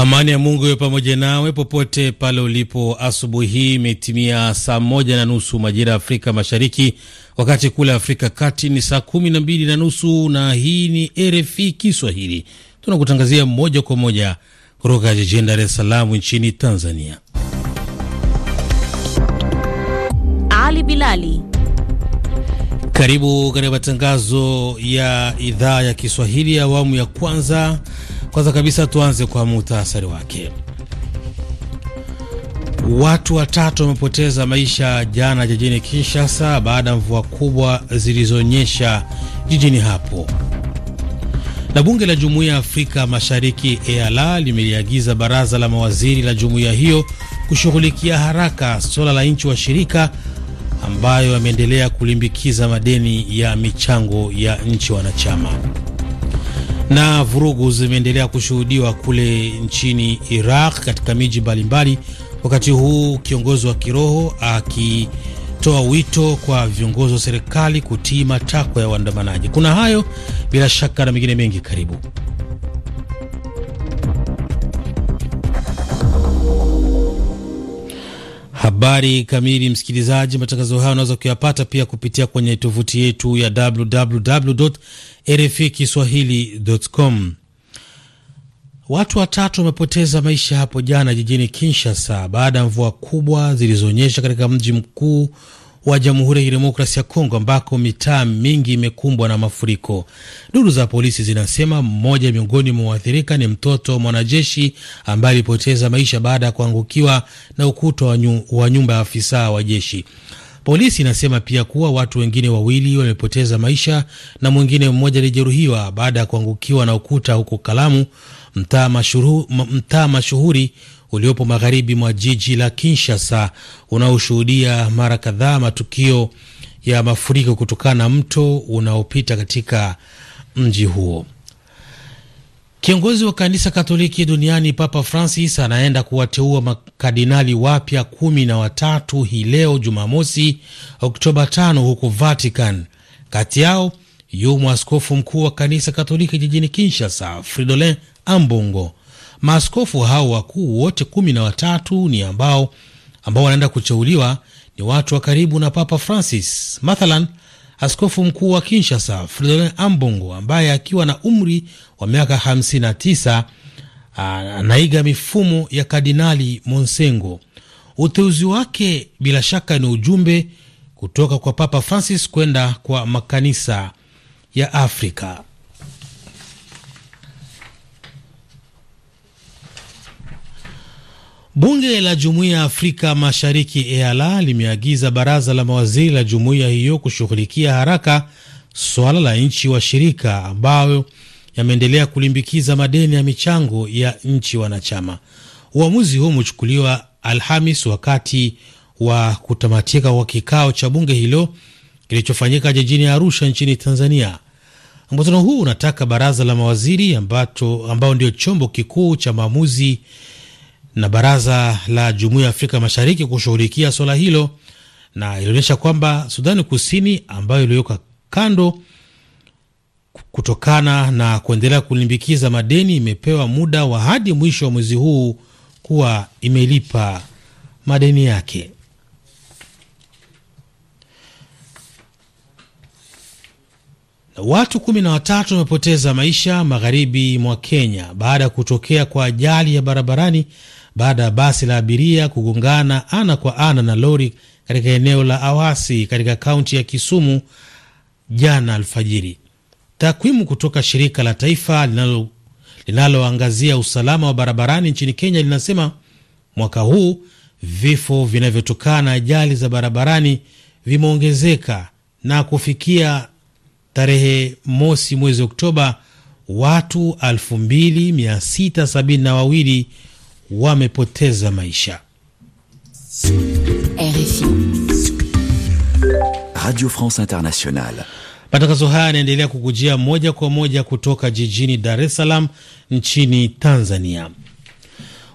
Amani ya Mungu iwe pamoja nawe popote pale ulipo. Asubuhi hii imetimia saa moja na nusu majira ya Afrika Mashariki, wakati kule Afrika Kati ni saa kumi na mbili na nusu na hii ni RFI Kiswahili, tunakutangazia moja kwa moja kutoka jijini Dar es Salaam nchini Tanzania. Ali Bilali, karibu katika matangazo ya idhaa ya Kiswahili awamu ya kwanza kwanza kabisa tuanze kwa muhtasari wake. Watu watatu wamepoteza maisha jana jijini Kinshasa baada ya mvua kubwa zilizonyesha jijini hapo. Na bunge la Jumuiya ya Afrika Mashariki EALA limeliagiza baraza la mawaziri la jumuiya hiyo kushughulikia haraka suala la nchi washirika ambayo yameendelea kulimbikiza madeni ya michango ya nchi wanachama. Na vurugu zimeendelea kushuhudiwa kule nchini Iraq katika miji mbalimbali, wakati huu kiongozi wa kiroho akitoa wito kwa viongozi wa serikali kutii matakwa ya waandamanaji. Kuna hayo bila shaka na mengine mengi, karibu Habari kamili, msikilizaji. Matangazo hayo unaweza kuyapata pia kupitia kwenye tovuti yetu ya www RFI Kiswahili.com. Watu watatu wamepoteza maisha hapo jana jijini Kinshasa baada ya mvua kubwa zilizoonyesha katika mji mkuu wa Jamhuri ya Kidemokrasi ya Kongo ambako mitaa mingi imekumbwa na mafuriko. Duru za polisi zinasema mmoja miongoni mwa waathirika ni mtoto mwanajeshi ambaye alipoteza maisha baada ya kuangukiwa na ukuta wa nyumba ya afisa wa jeshi. Polisi inasema pia kuwa watu wengine wawili wamepoteza maisha na mwingine mmoja alijeruhiwa baada ya kuangukiwa na ukuta huko Kalamu, mtaa mtaa mashuhuri uliopo magharibi mwa jiji la Kinshasa, unaoshuhudia mara kadhaa matukio ya mafuriko kutokana na mto unaopita katika mji huo. Kiongozi wa kanisa Katoliki duniani Papa Francis anaenda kuwateua makardinali wapya kumi na watatu hii leo Jumamosi, Oktoba 5 huko Vatican. Kati yao yumo askofu mkuu wa kanisa Katoliki jijini Kinshasa, Fridolin Ambongo. Maaskofu hao wakuu wote kumi na watatu ni ambao ambao wanaenda kuteuliwa ni watu wa karibu na Papa Francis. Mathalan, Askofu mkuu wa Kinshasa Fridolin Ambongo ambaye akiwa na umri wa miaka 59 anaiga mifumo ya Kardinali Monsengo. Uteuzi wake bila shaka ni ujumbe kutoka kwa Papa Francis kwenda kwa makanisa ya Afrika. Bunge la Jumuiya ya Afrika Mashariki EALA limeagiza baraza la mawaziri la jumuiya hiyo kushughulikia haraka swala la nchi washirika ambayo yameendelea kulimbikiza madeni ya michango ya nchi wanachama. Uamuzi huo umechukuliwa Alhamis wakati wa kutamatika kwa kikao cha bunge hilo kilichofanyika jijini Arusha nchini Tanzania. Mkutano huu unataka baraza la mawaziri ambato, ambao ndio chombo kikuu cha maamuzi na Baraza la Jumuiya ya Afrika Mashariki kushughulikia swala hilo, na ilionyesha kwamba Sudani Kusini ambayo iliwekwa kando kutokana na kuendelea kulimbikiza madeni imepewa muda wa hadi mwisho wa mwezi huu kuwa imelipa madeni yake. watu kumi na watatu wamepoteza maisha magharibi mwa Kenya baada ya kutokea kwa ajali ya barabarani baada ya basi la abiria kugongana ana kwa ana na lori katika eneo la Awasi katika kaunti ya Kisumu jana alfajiri. Takwimu kutoka shirika la taifa linalo linaloangazia usalama wa barabarani nchini Kenya linasema mwaka huu vifo vinavyotokana na ajali za barabarani vimeongezeka na kufikia tarehe mosi mwezi Oktoba watu 2672 wamepoteza maisha. RFI Radio France Internationale. Matangazo haya yanaendelea kukujia moja kwa moja kutoka jijini Dar es Salaam nchini Tanzania.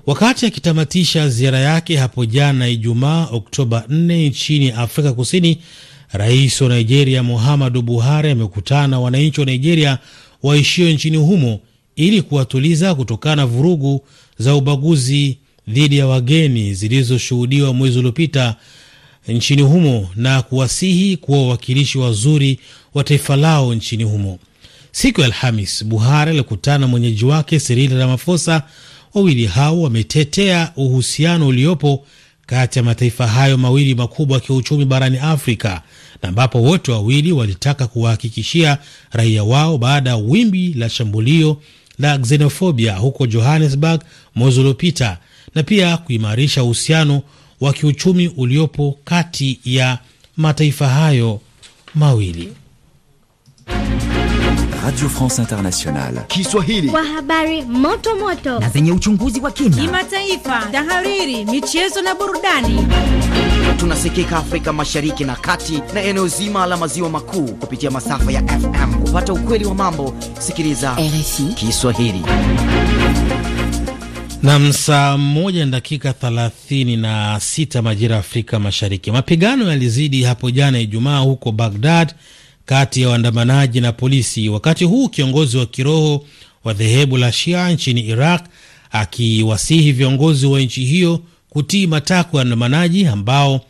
Wakati akitamatisha ziara yake hapo jana Ijumaa, Oktoba 4 nchini Afrika Kusini, rais wa Nigeria Muhammadu Buhari amekutana na wananchi wa Nigeria waishio nchini humo ili kuwatuliza kutokana na vurugu za ubaguzi dhidi ya wageni zilizoshuhudiwa mwezi uliopita nchini humo na kuwasihi kuwa wawakilishi wazuri wa taifa lao nchini humo. Siku ya Alhamis, Buhari alikutana na mwenyeji wake serila ramafosa Wawili hao wametetea uhusiano uliopo kati ya mataifa hayo mawili makubwa ya kiuchumi barani Afrika, na ambapo wote wawili walitaka kuwahakikishia raia wao baada ya wimbi la shambulio la xenofobia huko Johannesburg mwezi uliopita na pia kuimarisha uhusiano wa kiuchumi uliopo kati ya mataifa hayo mawili. Radio France Internationale Kiswahili kwa habari moto moto na zenye uchunguzi wa kina, kimataifa, tahariri, michezo na burudani. Tunasikika Afrika Mashariki na Kati na eneo zima la maziwa makuu kupitia masafa ya FM. Kupata ukweli wa mambo, sikiliza RFI Kiswahili. Nam, saa moja na dakika thelathini na sita majira Afrika Mashariki. Mapigano yalizidi hapo jana Ijumaa huko Baghdad kati ya waandamanaji na polisi, wakati huu kiongozi wa kiroho wa dhehebu la Shia nchini Iraq akiwasihi viongozi wa nchi hiyo kutii matakwa ya waandamanaji ambao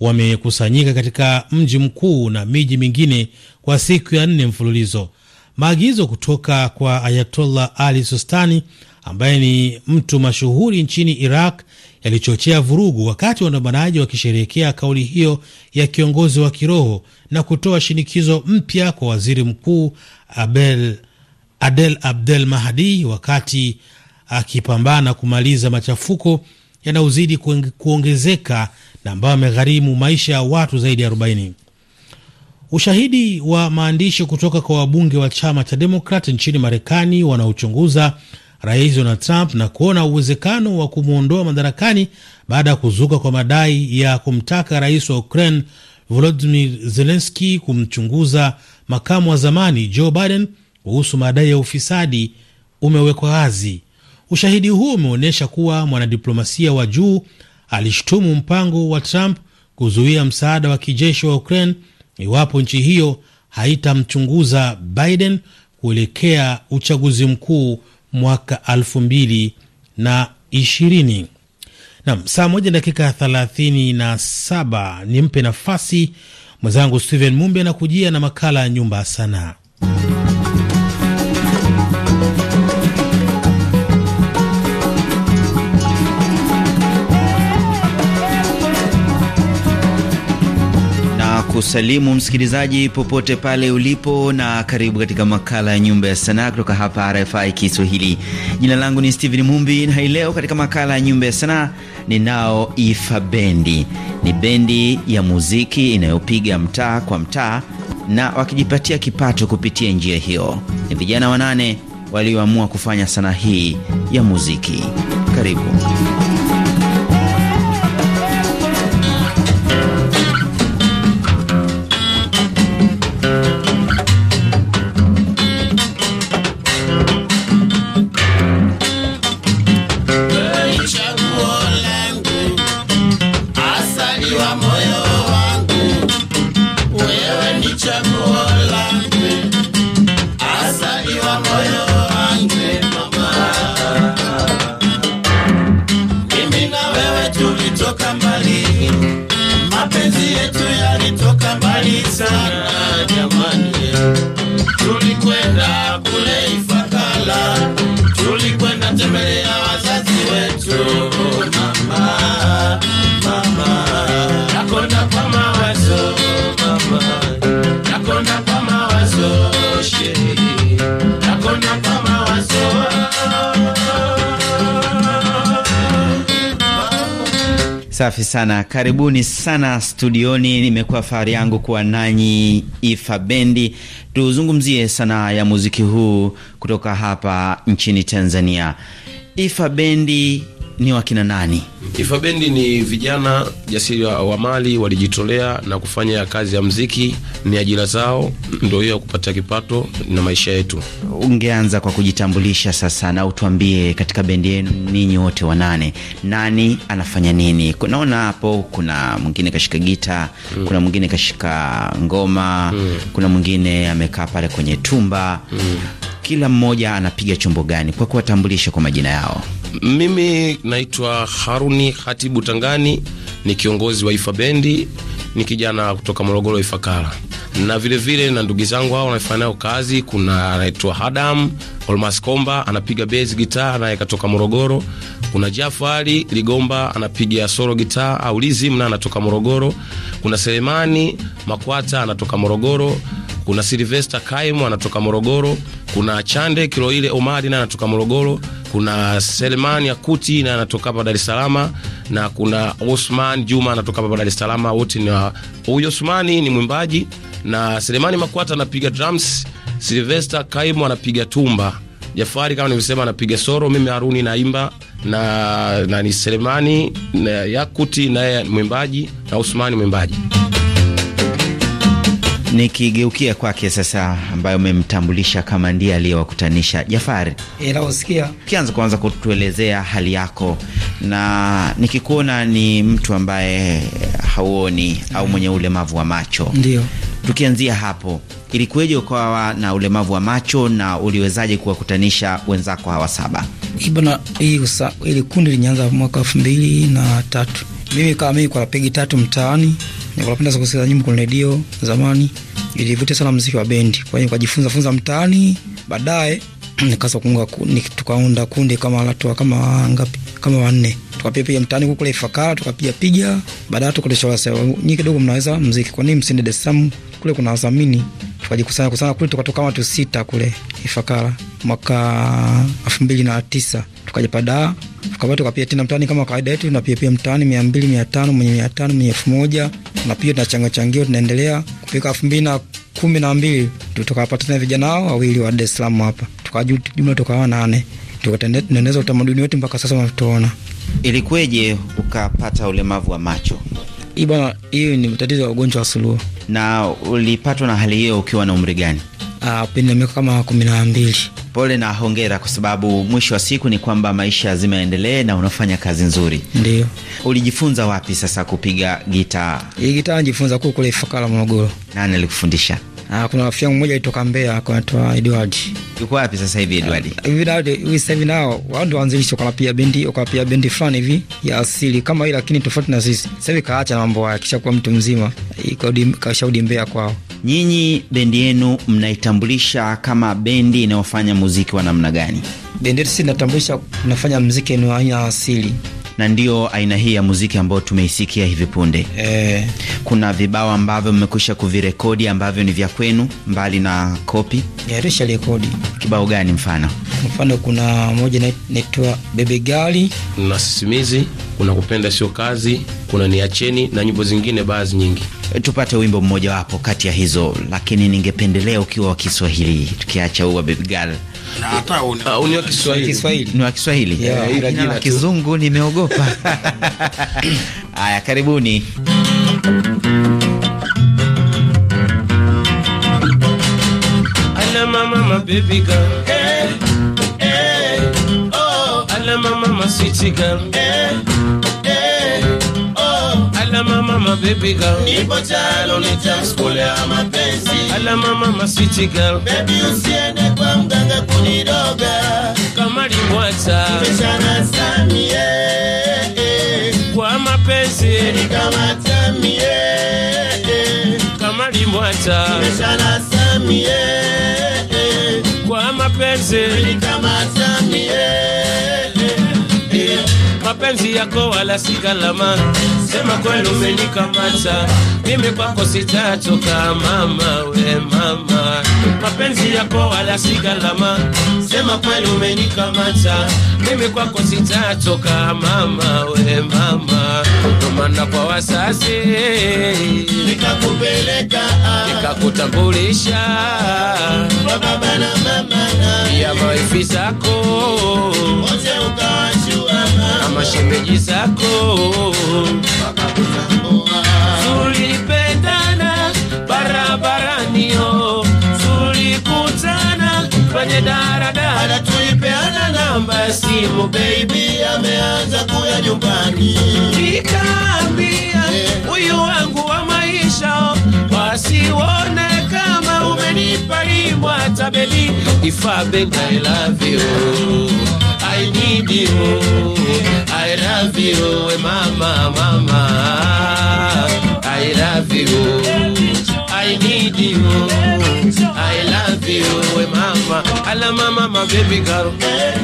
wamekusanyika katika mji mkuu na miji mingine kwa siku ya nne mfululizo. Maagizo kutoka kwa Ayatollah Ali sustani ambaye ni mtu mashuhuri nchini Iraq yalichochea vurugu wakati waandamanaji wakisherehekea kauli hiyo ya kiongozi wa kiroho na kutoa shinikizo mpya kwa waziri mkuu Abel, Adel Abdel Mahdi wakati akipambana kumaliza machafuko yanayozidi kuongezeka na ambayo amegharimu maisha ya watu zaidi ya 40. Ushahidi wa maandishi kutoka kwa wabunge wa chama cha Demokrat nchini Marekani wanaochunguza Rais Donald Trump na kuona uwezekano wa kumwondoa madarakani baada ya kuzuka kwa madai ya kumtaka rais wa Ukraine Volodimir zelenski kumchunguza makamu wa zamani Joe Biden kuhusu madai ya ufisadi umewekwa wazi. Ushahidi huo umeonyesha kuwa mwanadiplomasia wa juu alishutumu mpango wa Trump kuzuia msaada wa kijeshi wa Ukraine iwapo nchi hiyo haitamchunguza Biden kuelekea uchaguzi mkuu mwaka nam Naam, saa moja dakika 37, nimpe nafasi mwenzangu Steven Mumbe anakujia na makala ya nyumba ya sanaa. kusalimu msikilizaji popote pale ulipo, na karibu katika makala ya Nyumba ya Sanaa kutoka hapa RFI Kiswahili. Jina langu ni Steven Mumbi, na hii leo katika makala ya Nyumba ya Sanaa ninao Ifa Bendi. Ni bendi ya muziki inayopiga mtaa kwa mtaa na wakijipatia kipato kupitia njia hiyo. Ni vijana wanane walioamua kufanya sanaa hii ya muziki. Karibu. Safi sana, karibuni sana studioni. Nimekuwa fahari yangu kuwa nanyi Ifa Bendi, tuzungumzie sanaa ya muziki huu kutoka hapa nchini Tanzania. Ifa Bendi ni wakina nani? Ifa Bendi ni vijana jasiri wa mali walijitolea na kufanya kazi ya mziki, ni ajira zao, ndio hiyo ya kupata kipato na maisha yetu. Ungeanza kwa kujitambulisha sasa na utuambie katika bendi yenu ninyi wote wanane, nani anafanya nini? kunaona hapo kuna mwingine kashika gita hmm. kuna mwingine kashika ngoma hmm. kuna mwingine amekaa pale kwenye tumba hmm. kila mmoja anapiga chombo gani? Kwa kuwatambulisha kwa majina yao. Mimi naitwa Haruni Hatibu Tangani, ni kiongozi wa Ifa Bendi, ni kijana kutoka Morogoro Ifakara, na vilevile vile na ndugu zangu hao naifanya nayo kazi. Kuna anaitwa Hadam Olmas Komba anapiga besi gitaa, naye katoka Morogoro. Kuna Jafari Ligomba anapiga solo gitaa au lizim, na anatoka Morogoro. Kuna Selemani Makwata anatoka Morogoro kuna Silvester Kaimu anatoka Morogoro, kuna Chande Kiloile Omari naye anatoka Morogoro, kuna Selemani Akuti naye anatoka hapa Dar es Salaam, na kuna Osman Juma anatoka hapa Dar es Salaam. Wote ni huyo, Osmani ni mwimbaji na Selemani Makwata anapiga drums, Silvester Kaimu anapiga tumba, Jafari kama nilivyosema anapiga soro, mimi Haruni naimba na, na ni Selemani na Yakuti naye mwimbaji na Osmani mwimbaji. na Nikigeukia kwake sasa, ambayo umemtambulisha kama ndiye aliyewakutanisha Jafari, nausikia ukianza kuanza kutuelezea hali yako, na nikikuona ni mtu ambaye hauoni mm, au mwenye ulemavu wa macho, ndio tukianzia hapo, ilikuweje ukawa na ulemavu wa macho na uliwezaje kuwakutanisha wenzako hawa saba? Bana, hii ili kundi lilianza mwaka elfu mbili na tatu mimi kama mimi kwa pegi tatu mtaani napenda kusikiliza nyimbo kwenye redio. Zamani ilivute sana muziki wa bendi, kwa hiyo nikajifunza funza mtaani, baadaye nikaanza kuunga, tukaunda kundi kama watu kama ngapi, kama wanne, tukapiga piga mtaani huko kule Ifakara, tukapiga piga, baadaye tukatoshwa sasa, nyingi kidogo mnaweza muziki, kwa nini msinde Dar es Salaam kule kuna wadhamini tukajikusanya kusana kule, tukatoka watu sita kule Ifakara mwaka elfu mbili na tisa tukajapadaa tukabaa tukapia tena mtani kama kawaida yetu, napia pia mtani mia mbili mia tano mwenye mia tano mwenye elfu moja tunapia tunachanga changio, tunaendelea kupika. elfu mbili na kumi na mbili tukawapata tena vijana hao wawili wa Dar es Salaam hapa, jumla tukawa nane, tukaendeleza utamaduni wetu mpaka sasa. Unatuona Ilikweje ukapata ulemavu wa macho? hii bwana, hii ni tatizo la ugonjwa wa suluhu. Na ulipatwa na hali hiyo ukiwa na umri gani? Uh, pindi na miaka kama kumi na mbili. Pole na hongera, kwa sababu mwisho wa siku ni kwamba maisha yazima yaendelee na unafanya kazi nzuri. Ndio. Ulijifunza wapi sasa kupiga gitaa? Hii gitaa nilijifunza kule Ifakara, Morogoro. Nani alikufundisha? Ah, kuna rafiki yangu mmoja alitoka Mbeya akaitwa Edward. Yuko wapi sasa hivi Edward? Ah, hivi nao hivi sasa hivi nao wao ndio waanzilishi kwa pia bendi, kwa pia bendi fulani hivi ya asili kama ile lakini tofauti na sisi. Sasa hivi kaacha na mambo yake kisha kuwa mtu mzima. Iko kashaudi Mbeya kwao. Nyinyi bendi yenu mnaitambulisha kama bendi inayofanya muziki wa namna gani? Bendi yetu sisi natambulisha tunafanya muziki wa aina asili na ndio aina hii ya muziki ambayo tumeisikia hivi punde e. Kuna vibao ambavyo mmekwisha kuvirekodi ambavyo ni vya kwenu mbali na kopi yarisha rekodi. Kibao gani mfano? Mfano kuna moja naitwa bebe gali na sisimizi, kuna kupenda sio kazi kuna niacheni na nyimbo zingine baadhi nyingi. Eh, tupate wimbo mmoja wapo kati ya hizo, lakini ningependelea ukiwa wa Kiswahili, tukiacha huwa baby girl ah, ni wa Kiswahili, ni wa Kiswahili. Eh, la kizungu nimeogopa. Haya, karibuni. baby girl. Hey, eh, hey, oh. my girl. Ala mama baby girl, nipo chalo ni tayari nitamsukulia mapenzi. Ala mama sweet girl, baby usiende kwa mganga kunidoga. Kama limbwata mchana samie kwa mapenzi nikamata mie kama limbwata mchana samie kwa mapenzi nikamata mapenzi yako wala si gharama. Sema kweli umenikamata mimi, kwako sitatoka mama, we mama. Mapenzi yako wala si gharama. Sema kweli umenikamata mimi, kwako sitatoka mama, we mama. Ndomana kwa wasasi nikakupeleka, ah. nikakutambulisha baba na mama na ya mawifi zako wote ukawasha mashemeji zako tulipendana barabaranio tulikutana kwenye daradara tulipeana namba ya simu beibi ameanza kuya nyumbani nikaambia eh. huyu yeah. wangu wa maisha wasiwone kama umenipa limwa tabeli ifabenga I I need you, I love you, eh, mama, mama. I love you, I need you, I love you, eh, mama. I love my mama, baby girl. Hey,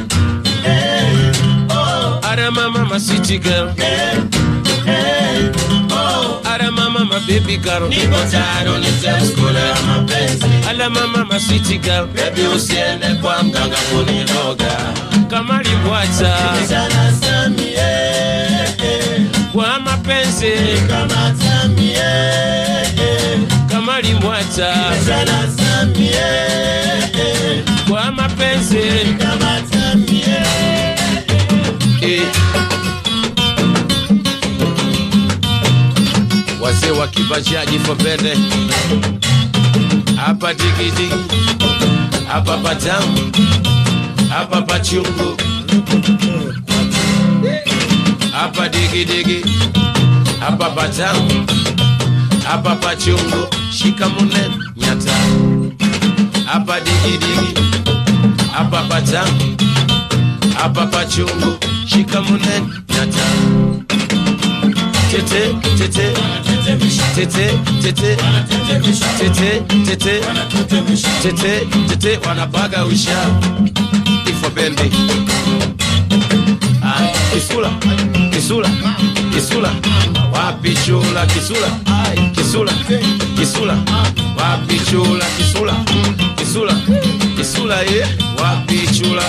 hey, I love my mama, sweetie girl. Hey. Hey, eh, eh, oh. Ara mama my baby girl, nipo tayari nitie mapenzi. Ala mama my sweet girl, baby usiende kwa mganga kuniroga kama libwacha sana samie kwa mapenzi kama tamie eh, kama libwacha sana samie kwa mapenzi kama tamie eh. kipachaji fopete hapa tikiti hapa patamu hapa pachungu hapa digidigi hapa patamu hapa pachungu shikamune nyata hapa digidigi hapa patamu hapa pachungu shikamune nyata tete tete tete tete tete tete tete tete wanabaga usha ifo bendi ah, kisula kisula kisula wapi chula kisula kisula kisula wapi chula kisula kisula kisula ye wapi chula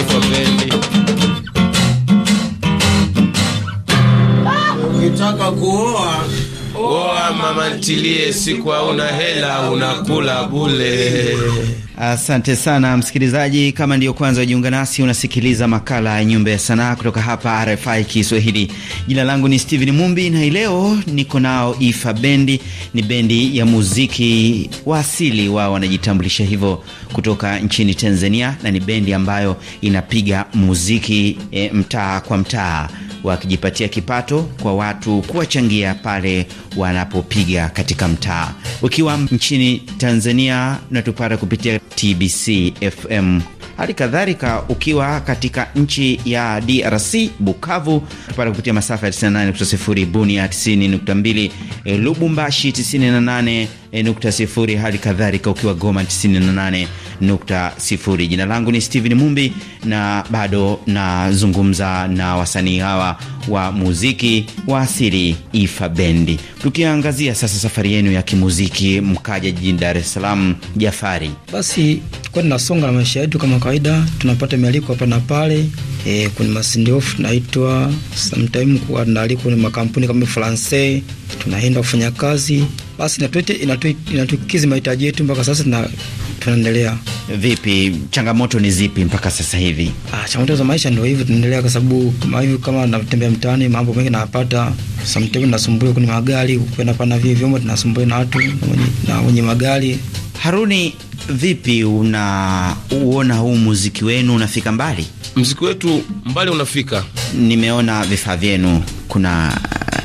ifo bendi unataka kuoa oa, mama ntilie, siku hauna hela unakula bule. Asante sana msikilizaji, kama ndiyo kwanza ujiunga nasi, unasikiliza makala ya Nyumba ya Sanaa kutoka hapa RFI Kiswahili. Jina langu ni Steven Mumbi na leo niko nao Ifa Bendi. Ni bendi ya muziki wa asili, wao wanajitambulisha hivyo, kutoka nchini Tanzania, na ni bendi ambayo inapiga muziki e, mtaa kwa mtaa, wakijipatia kipato kwa watu kuwachangia pale wanapopiga katika mtaa. Ukiwa nchini Tanzania, unatupata kupitia TBC FM Hali kadhalika ukiwa katika nchi ya DRC, Bukavu tupata kupitia masafa ya 98.0, Bunia 90.2, eh, Lubumbashi 98.0, hali kadhalika ukiwa Goma sifuri Jina langu ni stephen Mumbi na bado nazungumza na wasanii hawa wa muziki wa asili Ifa Bendi, tukiangazia sasa safari yenu ya kimuziki mkaja jijini Dar es Salaam. Jafari, basi kwani nasonga na maisha yetu kama kawaida tunapata mialiko hapa na pale e, kuna masindof naitwa sometime, kwa tunaalikwa na makampuni kama Francais, tunaenda kufanya kazi, basi inatukizi mahitaji yetu mpaka sasa tuna tunaendelea vipi? Changamoto ni zipi mpaka sasa hivi? Ah, changamoto za maisha ndio hivi tunaendelea kwa sababu kama hivyo, kama natembea mtaani, mambo mengi nayapata sometimes nasumbuliwa kwenye magari, kwenda pana vile vyombo tunasumbuliwa na watu na wenye magari Haruni, vipi unauona huu muziki wenu unafika mbali? Muziki wetu mbali unafika. Nimeona vifaa vyenu, kuna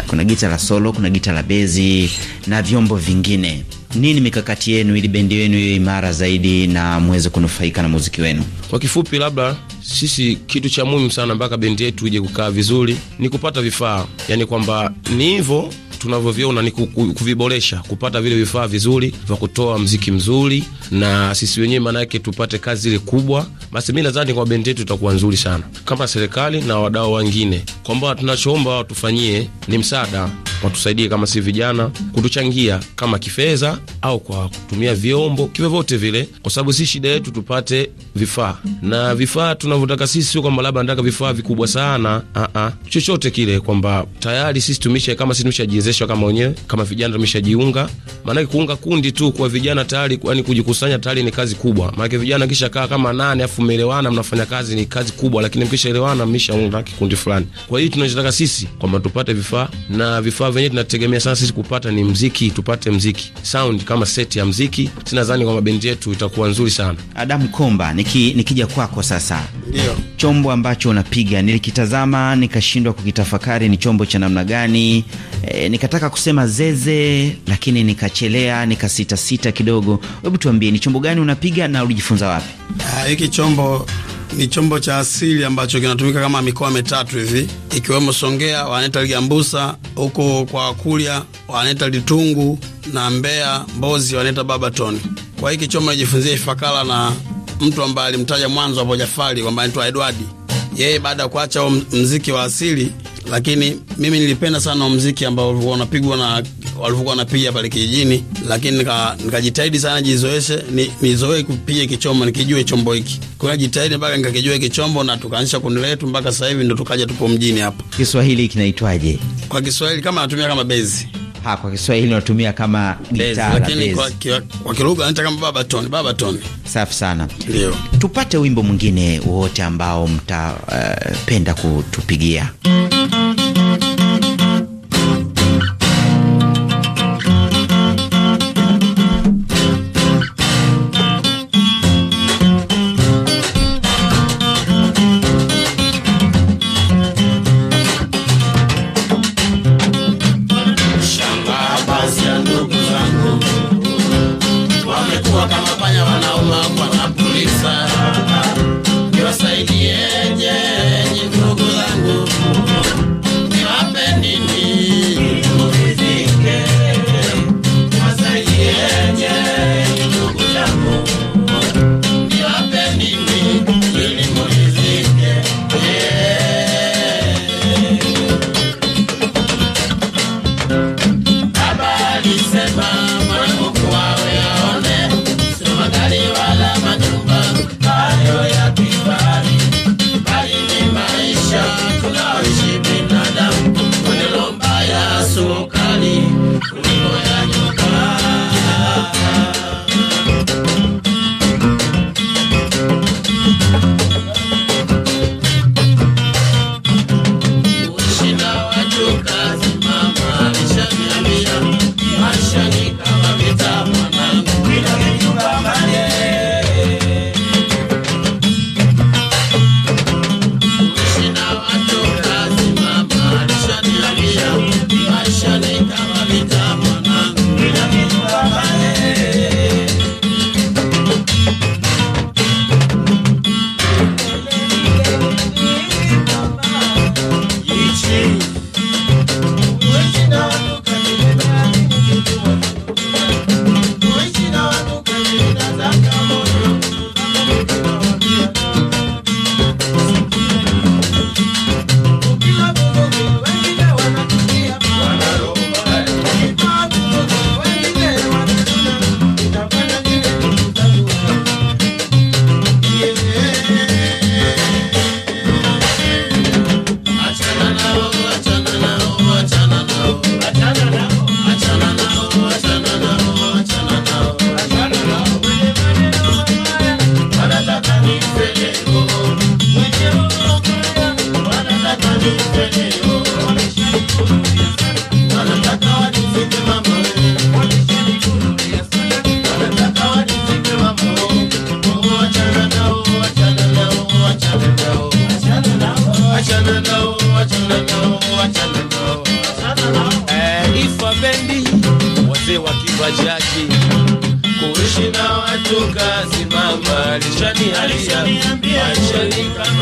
kuna gita la solo, kuna gita la bezi na vyombo vingine. Nini mikakati yenu ili bendi yenu iwe imara zaidi na muweze kunufaika na muziki wenu? Kwa kifupi, labda sisi kitu cha muhimu sana mpaka bendi yetu ije kukaa vizuri ni kupata vifaa, yaani kwamba ni hivyo tunavyoviona ni kuviboresha, kupata vile vifaa vizuri vya kutoa mziki mzuri, na sisi wenyewe maana yake tupate kazi ile kubwa. Basi mimi nadhani kwa bendi yetu itakuwa nzuri sana, kama serikali na wadau wengine, kwamba tunachoomba watufanyie ni msaada watusaidie kama si vijana, kutuchangia kama kifedha au kwa kutumia vyombo kivyovyote vile, kwa sababu si shida yetu tupate vifaa na vifaa tunavyotaka sisi, sio kwamba labda nataka vifaa vikubwa sana a a, chochote kile, kwamba tayari sisi tumisha kama sisi tumeshajiwezeshwa kama wenyewe kama vijana tumeshajiunga. Maanake kuunga kundi tu kwa vijana tayari, yani kujikusanya tayari ni kazi kubwa. Maanake vijana kisha kaa kama nane afu mmeelewana, mnafanya kazi ni kazi kubwa, lakini mkishaelewana mmeshaunda kikundi fulani. Kwa hiyo tunachotaka sisi kwamba tupate vifaa na vifaa kama venyewe tunategemea sana sisi kupata ni mziki, tupate mziki sound kama seti ya mziki. Sina kwamba bendi yetu itakuwa nzuri sana. Adamu Komba, nikija niki, nikija kwako sasa, ndio chombo ambacho unapiga nilikitazama nikashindwa kukitafakari ni chombo cha namna gani. E, nikataka kusema zeze lakini nikachelea nikasitasita kidogo. Hebu tuambie ni chombo gani unapiga na ulijifunza wapi? Ah, hiki chombo ni chombo cha asili ambacho kinatumika kama mikoa mitatu hivi, ikiwemo Songea wanaita Ligambusa, huko kwa Wakulya wanaita Litungu na Mbeya Mbozi wanaita Babatoni. Kwa hiki chombo najifunzia Ifakala na mtu ambaye alimtaja mwanzo hapo Jafari kwamba anaitwa Edwadi. Yeye baada ya kuacha mziki wa asili lakini mimi nilipenda sana muziki ambao walikuwa wanapigwa na walikuwa wanapiga pale kijijini, lakini nikajitahidi nika sana jizoeshe ni, nizoee kupiga kichombo nikijue chombo hiki. Kwa hiyo jitahidi mpaka nikakijua kichombo na tukaanzisha kundi letu mpaka sasa hivi ndo tukaja tupo mjini hapa. Kiswahili kinaitwaje? Kwa Kiswahili kama natumia kama bezi hapa ah, kwa Kiswahili unatumia kama gitaa lakini kwa, kwa kilugha anaita kama baba tone, baba tone. safi sana. Ndio tupate wimbo mwingine wote ambao mtapenda eh, uh, kutupigia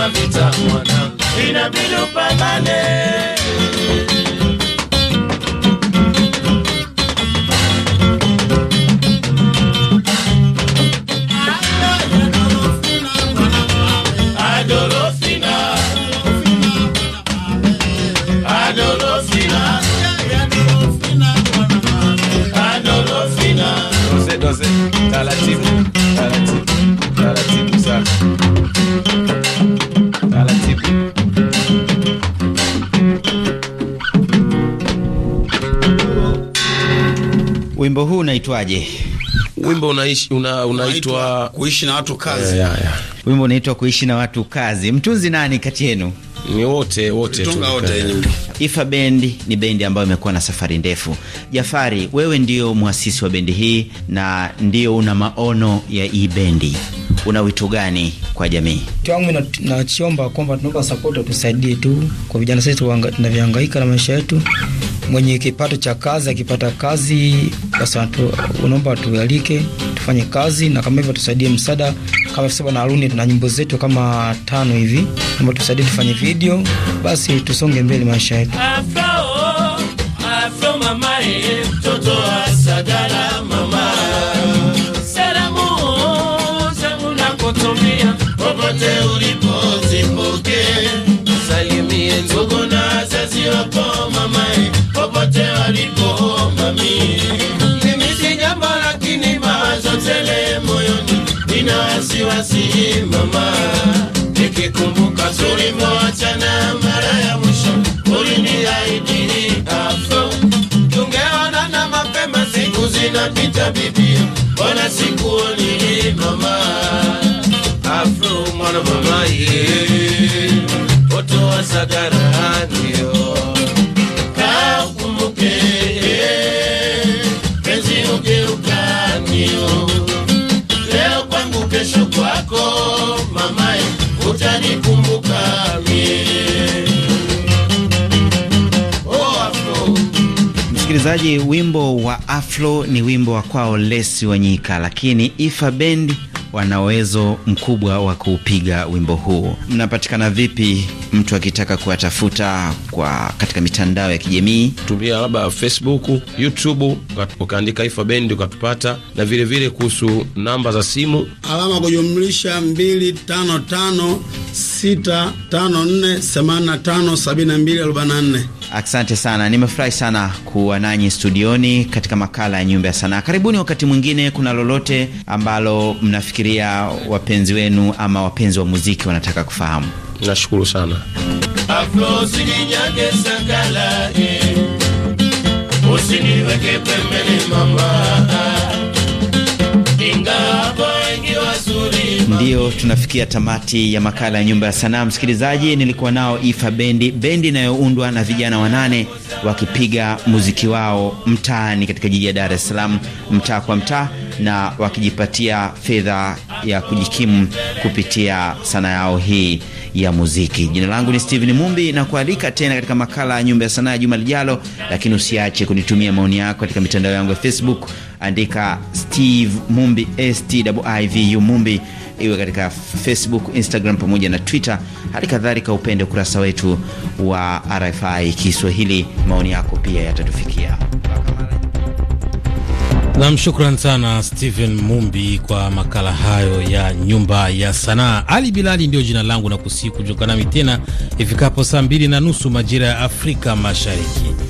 vita mwana, inabidi upambane. Wimbo huu unaitwaje? Wimbo unaishi una, unaitwa kuishi na watu kazi. Yeah, yeah, yeah. Wimbo unaitwa kuishi na watu kazi. Mtunzi nani kati yenu? Ni wote wote tu. Ifa Band ni bendi ambayo imekuwa na safari ndefu. Jafari, wewe ndio mwasisi wa bendi hii na ndio una maono ya hii bendi, una wito gani kwa jamii? Tangu nachiomba kwamba tunaomba support, tusaidie tu kwa vijana sisi tunavyohangaika na maisha yetu mwenye kipato cha kazi akipata kazi, basi unaomba tualike tufanye kazi, na kama hivyo tusaidie msaada kama sasa. na Aruni tuna nyimbo zetu kama tano hivi, naomba tusaidie tufanye video, basi tusonge mbele maisha yetu. salamu zangu nakutumia popote tulimwachana mara ya mwisho, uliniahidi afu tungeonana mapema, siku zinapita bibi, mbona sikuoni mama afro mwana mama ye otoa sagaranio kakumbuke penzi ugeukanio leo kwangu kesho kwako mamaye utanikumbuka Msikilizaji, wimbo wa Afro ni wimbo wa kwao Lesi Wanyika, lakini Ifa Bendi wana uwezo mkubwa wa kuupiga wimbo huu. Mnapatikana vipi mtu akitaka kuwatafuta kwa katika mitandao ya kijamii? Tumia labda Facebook, YouTube ukaandika Ifa Bendi ukatupata, na vile vile kuhusu namba za simu alama kujumlisha 255 654 85 72 44 Asante sana, nimefurahi sana kuwa nanyi studioni katika makala ya Nyumba ya Sanaa. Karibuni wakati mwingine. Kuna lolote ambalo mnafikiria wapenzi wenu ama wapenzi wa muziki wanataka kufahamu? Nashukuru sana. Usiniweke pembeni mama, Ndiyo tunafikia tamati ya makala ya Nyumba ya Sanaa. Msikilizaji, nilikuwa nao Ifa Bendi, bendi inayoundwa na vijana wanane wakipiga muziki wao mtaani katika jiji ya Dar es Salaam, mtaa kwa mtaa, na wakijipatia fedha ya kujikimu kupitia sanaa yao hii ya muziki. Jina langu ni Steven Mumbi na kualika tena katika makala ya Nyumba ya Sanaa ya juma lijalo, lakini usiache kunitumia maoni yako katika mitandao yangu ya Facebook, andika Steve Mumbi, Stivu Mumbi iwe katika Facebook, Instagram pamoja na Twitter. Hali kadhalika upende ukurasa wetu wa RFI Kiswahili. Maoni yako pia yatatufikia. Nam, shukran sana Stephen Mumbi kwa makala hayo ya nyumba ya sanaa. Ali Bilali ndiyo jina langu na kusii kujiunga nami tena ifikapo saa mbili na nusu majira ya Afrika Mashariki.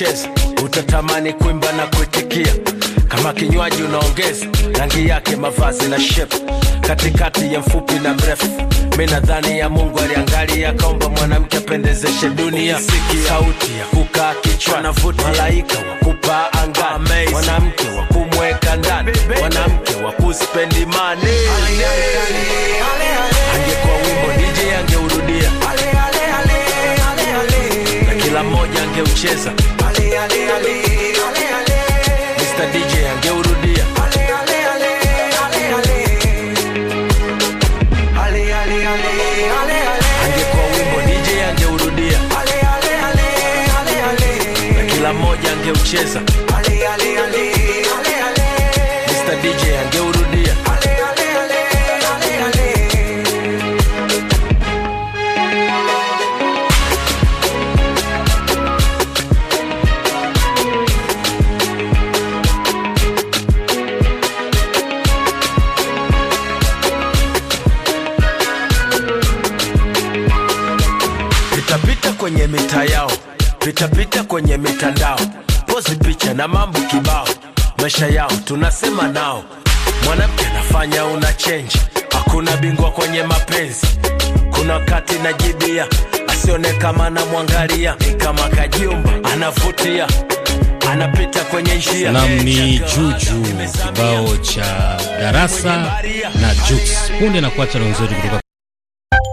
kucheza, utatamani kuimba na kuitikia kama kinywaji unaongeza rangi yake, mavazi na shepu, katikati ya mfupi na mrefu. Mi nadhani ya Mungu aliangalia akaomba mwanamke apendezeshe dunia. Siki sauti ya kukaa kichwa na vuti, malaika wa kupaa anga, mwanamke wa kumweka ndani, mwanamke wa kuspendi mani. wimbo angeurudia na kila mmoja angeucheza ale, ale, ale, ale. Mr. DJ angeurudia ale, ale, ale, ale, ale. Ale, ale, ale, ale, ale. Angekuwa wimbo DJ angeurudia ale, ale, ale, ale, ale. Na kila mmoja angeucheza pichapita kwenye mitandao, pozi picha na mambo kibao, maisha yao tunasema nao. Mwanamke anafanya una change, hakuna bingwa kwenye mapenzi. Kuna wakati najibia, asione kama namwangalia, ni kama kajiumba, anavutia anapita kwenye njia. Nam ni Juju, kibao cha darasa na Jux punde na kuacha na wenzetu kutoka